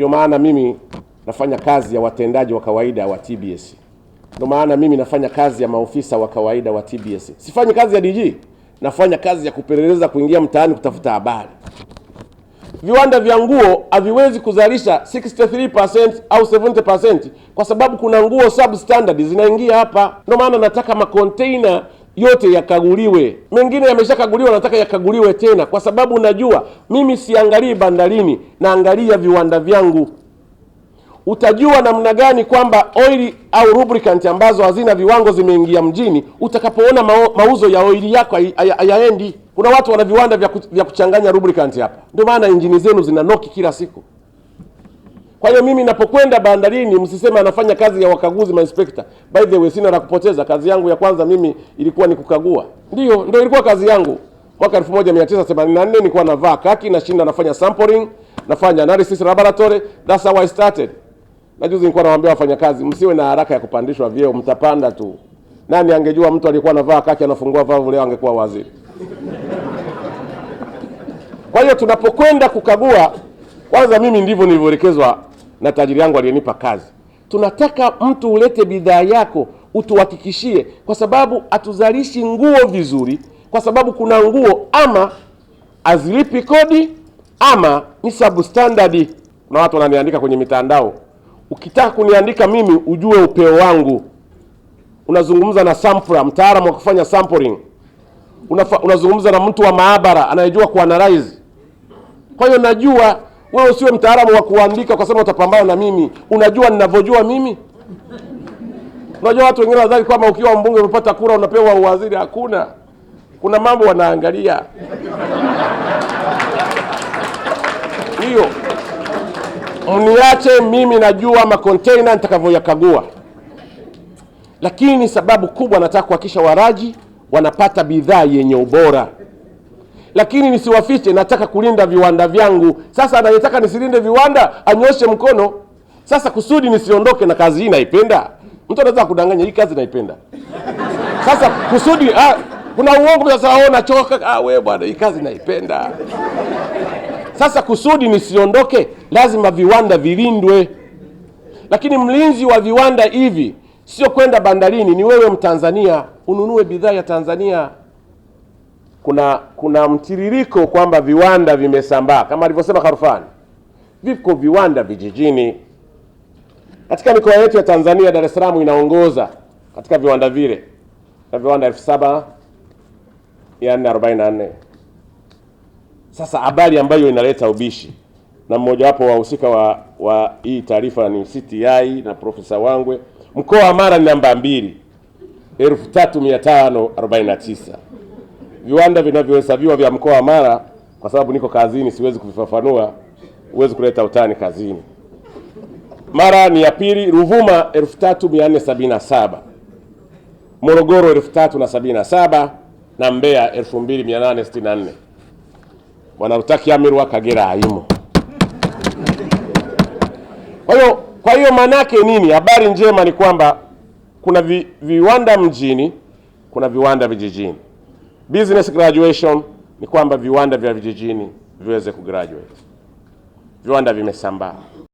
Ndio maana mimi nafanya kazi ya watendaji wa kawaida wa TBS. Ndio maana mimi nafanya kazi ya maofisa wa kawaida wa TBS. Sifanyi kazi ya DG, nafanya kazi ya kupeleleza, kuingia mtaani kutafuta habari. Viwanda vya nguo haviwezi kuzalisha 63% au 70% kwa sababu kuna nguo substandard zinaingia hapa. Ndio maana nataka makontena yote yakaguliwe, mengine yameshakaguliwa, nataka yakaguliwe tena, kwa sababu najua mimi siangalii bandarini, naangalia viwanda vyangu. Utajua namna gani kwamba oili au lubricant ambazo hazina viwango zimeingia mjini utakapoona mauzo ya oili yako hayaendi. Kuna watu wana viwanda vya kuchanganya lubricant hapa, ndio maana injini zenu zina noki kila siku. Kwa hiyo mimi napokwenda bandarini, msiseme anafanya kazi ya wakaguzi mainspekta. By the way, sina la kupoteza. Kazi yangu ya kwanza mimi ilikuwa ni kukagua, ndio ndio ilikuwa kazi yangu. Mwaka 1984 nilikuwa navaa kaki, na shinda nafanya sampling, nafanya analysis laboratory, that's how I started. Na juzi nilikuwa nawaambia wafanyakazi, msiwe na haraka ya kupandishwa vyeo, mtapanda tu. Nani angejua mtu alikuwa anavaa kaki anafungua valve leo angekuwa waziri. Kwa hiyo tunapokwenda kukagua, kwanza mimi ndivyo nilivyoelekezwa na tajiri yangu aliyenipa kazi. Tunataka mtu ulete bidhaa yako utuhakikishie, kwa sababu hatuzalishi nguo vizuri, kwa sababu kuna nguo ama hazilipi kodi ama ni substandard. Na watu wananiandika kwenye mitandao. Ukitaka kuniandika mimi, ujue upeo wangu. Unazungumza na sampler, mtaalamu wa kufanya sampling. Unafa, unazungumza na mtu wa maabara anayejua kuanalyze. Kwa hiyo najua wewe usiwe mtaalamu wa kuandika ukasema utapambana na mimi. Unajua ninavyojua mimi? Unajua watu wengine wadhani kwamba ukiwa mbunge umepata kura unapewa uwaziri. Hakuna, kuna mambo wanaangalia hiyo. Mniache mimi, najua makonteina nitakavyoyakagua, lakini sababu kubwa nataka kuhakikisha waraji wanapata bidhaa yenye ubora lakini nisiwafiche, nataka kulinda viwanda vyangu. Sasa anayetaka nisilinde viwanda anyoshe mkono. Sasa kusudi nisiondoke na kazi hii naipenda, mtu anaweza kudanganya hii kazi naipenda. Sasa kusudi ha, ah, kuna uongo sasa, oh, nachoka ah, wewe bwana, hii kazi naipenda. Sasa kusudi nisiondoke, lazima viwanda vilindwe. Lakini mlinzi wa viwanda hivi sio kwenda bandarini, ni wewe Mtanzania ununue bidhaa ya Tanzania kuna kuna mtiririko kwamba viwanda vimesambaa kama alivyosema harufani viko viwanda vijijini katika mikoa yetu ya Tanzania. Dar es Salaam inaongoza katika viwanda vile na viwanda elfu saba mia nne arobaini na nne. Sasa habari ambayo inaleta ubishi na mmojawapo wahusika wa, wa hii taarifa ni CTI na Profesa Wangwe, mkoa wa Mara ni namba mbili, elfu tatu mia tano arobaini na tisa viwanda vinavyohesabiwa vya mkoa wa Mara, kwa sababu niko kazini siwezi kuvifafanua, huwezi kuleta utani kazini. Mara ni ya pili, Ruvuma 3477, Morogoro 3377 na Mbeya 2864. Bwana Rutaki Amirwa Kagera haimo. Kwa hiyo kwa hiyo maana yake nini? Habari njema ni kwamba kuna vi, viwanda mjini, kuna viwanda vijijini. Business graduation ni kwamba viwanda vya vijijini viweze kugraduate. Viwanda vimesambaa.